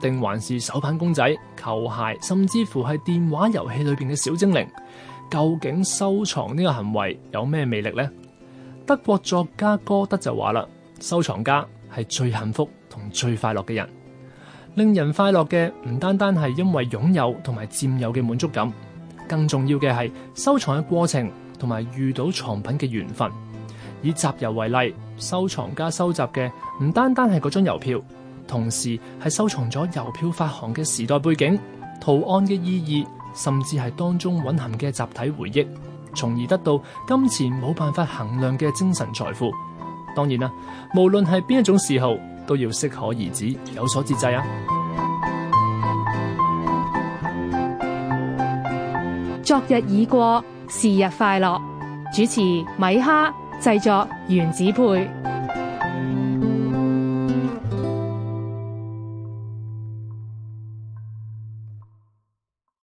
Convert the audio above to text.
定還是手板公仔、球鞋，甚至乎係電話遊戲裏邊嘅小精靈，究竟收藏呢個行為有咩魅力呢？德國作家歌德就話啦：收藏家係最幸福同最快樂嘅人。令人快樂嘅唔單單係因為擁有同埋佔有嘅滿足感，更重要嘅係收藏嘅過程同埋遇到藏品嘅緣分。以集郵為例，收藏家收集嘅唔單單係嗰張郵票。同時係收藏咗郵票發行嘅時代背景、圖案嘅意義，甚至係當中蘊含嘅集體回憶，從而得到金錢冇辦法衡量嘅精神財富。當然啦，無論係邊一種嗜好，都要適可而止，有所節制啊！昨日已過，是日快樂。主持米哈，製作原子配。